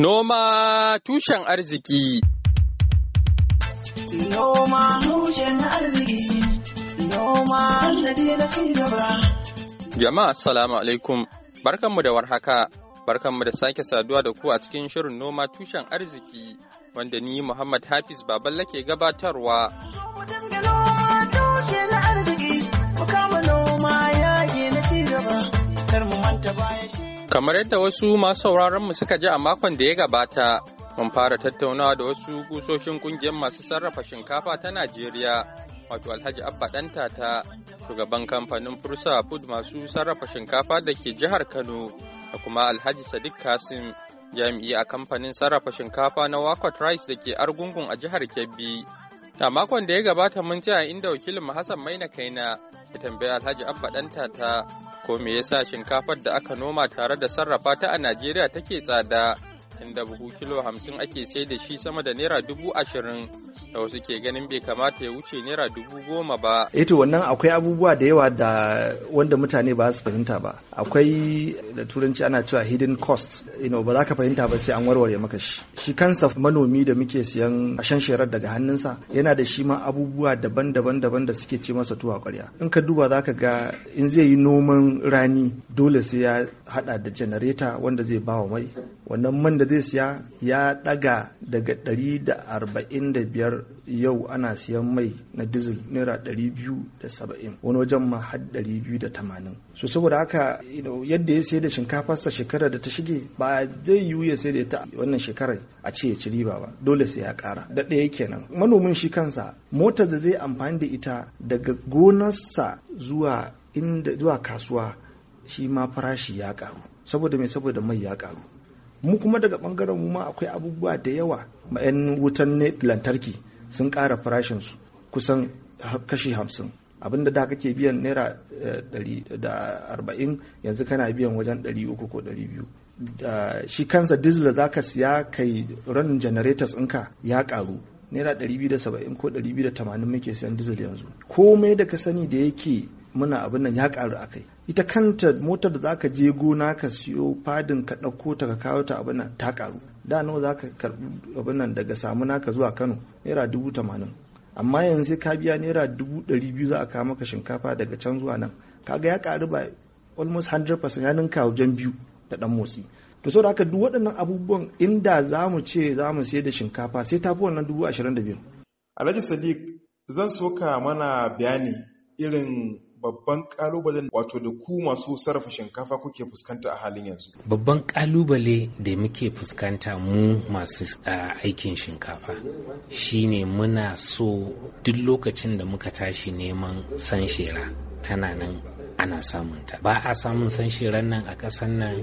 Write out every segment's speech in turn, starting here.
Noma tushen arziki. Noma tushen arziki. Noma Jama'a alaikum. Barkanmu da warhaka. Barkanmu da sake saduwa da ku a cikin shirin noma tushen arziki wanda ni Muhammad Hafiz Baballa ke gabatarwa. Kamar yadda wasu masu mu suka ji a makon da ya gabata, mun fara tattaunawa da wasu kusoshin kungiyar masu sarrafa shinkafa ta Najeriya, wato Alhaji Abba Danta ta shugaban kamfanin Fursa Food masu sarrafa shinkafa da ke jihar Kano da kuma Alhaji Sadiq Kasim jami'i a kamfanin sarrafa shinkafa na Wakot Rice da ke Argungun a jihar Kebbi. A makon da ya gabata mun ce a inda wakilin Hassan Maina Kaina ya tambaya Alhaji Abba ɗanta ta ko me yasa shinkafar da aka noma tare da sarrafa ta a Najeriya take tsada inda buhu kilo hamsin ake sai da shi sama da naira dubu ashirin da wasu ke ganin bai kamata ya wuce naira dubu goma ba. Eto eh wannan akwai abubuwa da yawa da wanda mutane ba su fahimta ba. Akwai da turanci ana cewa hidden cost, ino ba za ka fahimta ba sai an warware maka shi. Shi kansa manomi da muke siyan ashen sherar daga hannunsa yana da shi ma abubuwa daban-daban daban da suke ce masa tuwa kwarya. In ka duba za ka ga in zai yi noman rani dole sai ya hada da janareta wanda zai bawa mai wannan man da zai siya ya daga daga 145 yau ana siyan mai na dizil naira 270 wani wajen ma har 280 so saboda haka yadda ya sayar da shinkafarsa shekara da ta shige ba zai yiwu ya sayar da ta wannan shekarar a ce ya ci riba ba dole sai ya kara da ɗaya kenan manomin shi kansa motar da zai amfani da ita daga gonarsa zuwa inda zuwa kasuwa shi ma farashi ya karu saboda mai saboda mai ya karu mu kuma daga bangaren mu ma akwai abubuwa da yawa yan wutan ne lantarki sun ƙara farashinsu kusan kashi hamsin abinda da kake biyan naira eh, da arba'in yanzu kana biyan wajen ɗari uku ko ɗari biyu shi kansa diesel za ka siya kai run generators ɗinka ya karu naira ɗari biyu da saba'in ko ɗari biyu da tamanin muke siyan diesel yanzu komai da ka sani da yake muna abin nan ya ƙaru a kai ita kanta motar da za ka je gona ka siyo fadin ka ɗauko ta ka kawo ta abin ta karu da nawa zaka karbi abin nan daga samu naka zuwa Kano naira dubu tamanin amma yanzu sai ka biya naira dubu ɗari biyu za a kawo maka shinkafa daga can zuwa nan kaga ya karu ba almost 100% ya ninka wajen biyu da ɗan motsi to saboda haka duk waɗannan abubuwan inda za mu ce za mu sayar da shinkafa sai ta fi wannan dubu ashirin da biyu. Alhaji Sadiq zan so ka mana bayani irin babban kalubalen wato da ku masu sarrafa shinkafa kuke fuskanta a halin yanzu? Babban kalubale da muke fuskanta mu masu aikin shinkafa shine muna so duk lokacin da muka tashi neman sanshera tana nan ana samunta. Ba a samun sansheran nan a ƙasan nan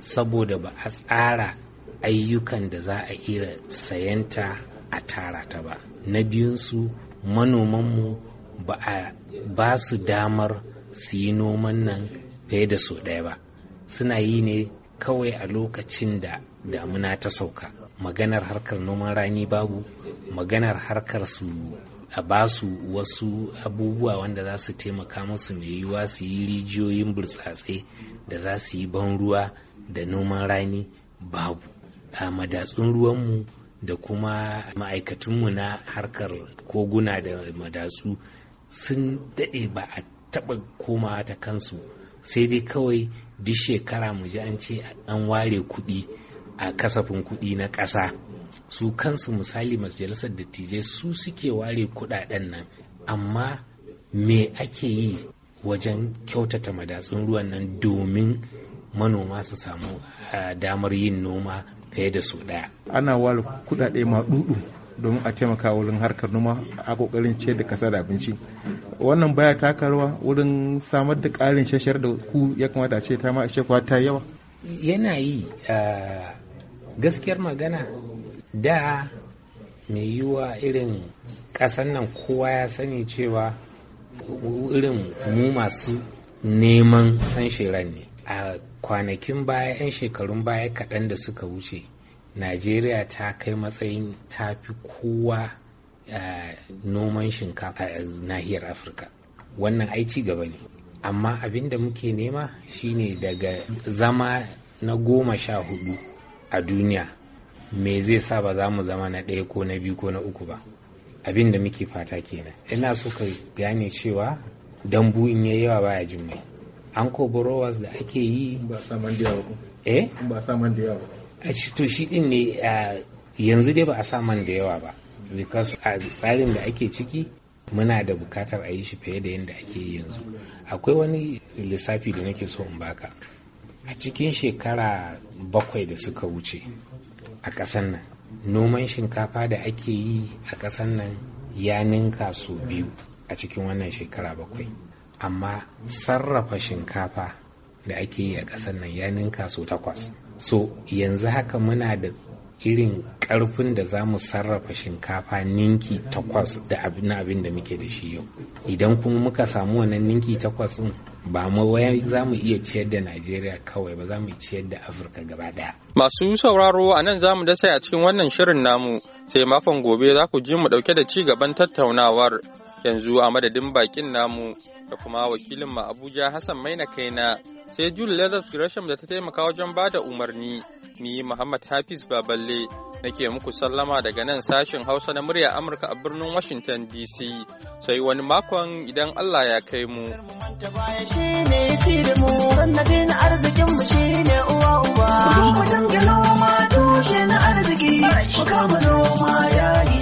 saboda ba a tsara ayyukan da za a iya sayanta a tara ta ba. Na biyunsu manomanmu ba a ba su damar su yi noman nan fiye da so ɗaya ba suna yi ne kawai a lokacin da damuna ta sauka maganar harkar noman rani babu maganar harkar su a ba su wasu abubuwa wanda za su taimaka musu mai yiwuwa su yi rijiyoyin burtsatse da za su yi ban ruwa da noman rani babu a madatsun ruwanmu da kuma ma'aikatunmu na harkar koguna da madatsu sun daɗe ba a taɓa komawa ta kansu sai dai kawai duk shekara mu ji an ce an ware kuɗi a kasafin kuɗi na ƙasa su kansu misali majalisar dattijai su suke ware kuɗaɗen nan amma me ake yi wajen kyautata madatsun ruwan nan domin manoma su samu ah, damar yin noma fiye da su ɗaya ana ware kuɗaɗe maɗuɗu domin a taimaka wurin harkar noma a kokarin ciyar da kasa da abinci wannan baya taka rawa wurin samar da ƙarin shashar da ku ya kamata a ce ta ma ishe ta yawa yana yi gaskiyar magana da mai yiwuwa irin kasan nan kowa ya sani cewa irin mu masu neman san ne a kwanakin baya 'yan shekarun baya kaɗan da suka wuce najeriya ta kai matsayin ta fi kowa eh, noman shinkafa a nahiyar afirka wannan aici gaba ne amma abin da muke nema shine daga zama na goma sha hudu a duniya me zai sa ba za mu zama na ɗaya ko na biyu ko na uku ba abin da muke fata kenan ina so ka gane cewa dan in ya yawa baya jin mai an ko da ake yi ba saman da yawa eh ba saman da yawa a shi to shi din ne yanzu dai ba a sa man da yawa ba because a tsarin da ake ciki muna da bukatar a yi shi fiye da yadda ake yi yanzu akwai wani lissafi da nake so in baka a cikin shekara bakwai da suka wuce a ƙasar nan noman shinkafa da ake yi a ƙasar nan ya ninka sau biyu a cikin wannan shekara bakwai amma sarrafa shinkafa da ake yi a ƙasar nan ya ninka so takwas so yanzu haka muna da irin ƙarfin da za mu sarrafa shinkafa ninki takwas da na abin da muke da shi yau idan kuma muka samu wannan ninki takwas din ba mu waya za mu iya ciyar da najeriya kawai ba za mu ciyar da afirka gaba daya masu sauraro a nan za mu dasa a cikin wannan shirin namu sai makon gobe za ku ji mu dauke da ci gaban tattaunawar yanzu a madadin bakin namu da kuma wakilin ma abuja hassan maina kaina sai jul leathers gresham da ta taimaka wajen ba da umarni ni muhammad hafiz baballe nake muku sallama daga nan sashin hausa na murya amurka a birnin washington dc sai wani makon idan allah ya kai mu arzikin mu shine